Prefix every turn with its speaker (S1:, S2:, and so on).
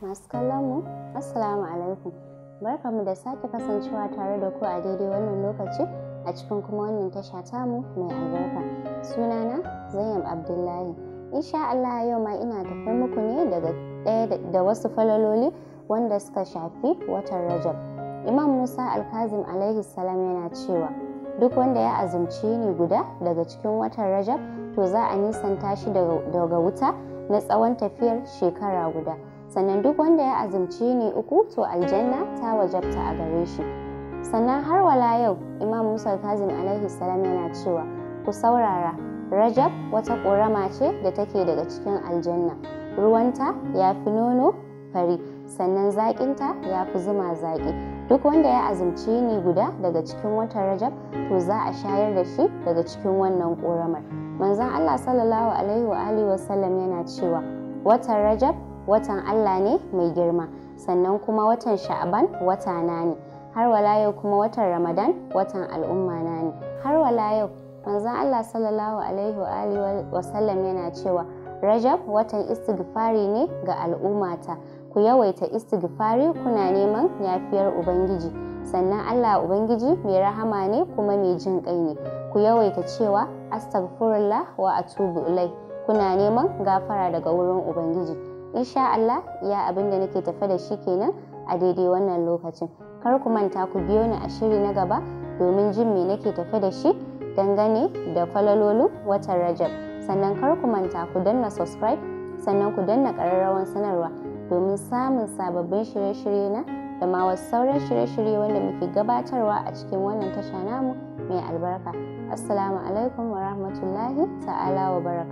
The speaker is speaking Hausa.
S1: masu kallon mu assalamu alaikum barkamu da sake kasancewa tare da ku a daidai wannan lokaci a cikin kuma wannan tasha tamu mai albarka sunana zainab abdullahi insha allah yau ma ina tafi muku ne daga ɗaya da wasu falaloli wanda suka shafi watan rajab imam musa alkazim alaihi salam yana cewa duk wanda ya azumci ni guda daga cikin watan rajab to za a nisanta shi daga wuta na tsawon tafiyar shekara guda sannan duk wanda ya azumci ni uku to aljanna ta wajabta a gare shi sannan har wala yau imam musa kazim alaihi salam yana cewa ku saurara rajab wata ƙorama ce da take daga cikin aljanna ruwanta ya fi nono fari sannan zaƙinta ya fi zuma zaƙi duk wanda ya azumci ni guda daga cikin watan rajab to za a shayar da shi daga cikin wannan ƙoramar Manzan allah sallallahu alaihi wa alihi yana cewa watan rajab watan Allah ne mai girma sannan kuma watan sha'aban wata na ne har walayau kuma watan ramadan watan al'umma na ne har walayau yau manzon Allah sallallahu alaihi wa wasallam yana cewa Rajab watan istighfari ne ga al'ummata ku yawaita istighfari kuna neman yafiyar Ubangiji sannan Allah Ubangiji mai rahama ne kuma mai jin kai ne ku yawaita cewa astaghfirullah wa atubu ilai kuna neman gafara daga wurin Ubangiji insha Allah ya abin da nake tafe da shi kenan a daidai wannan lokacin kar ku manta ku biyo ni a shiri na gaba domin jin me nake tafe da shi dangane da falalolin watan Rajab sannan kar ku manta ku danna subscribe sannan ku danna ƙararrawan sanarwa domin samun sababbin shirye-shirye na da ma wasu sauran shirye-shirye wanda muke gabatarwa a cikin wannan tasha namu mai albarka assalamu alaikum wa rahmatullahi ta'ala wa baraka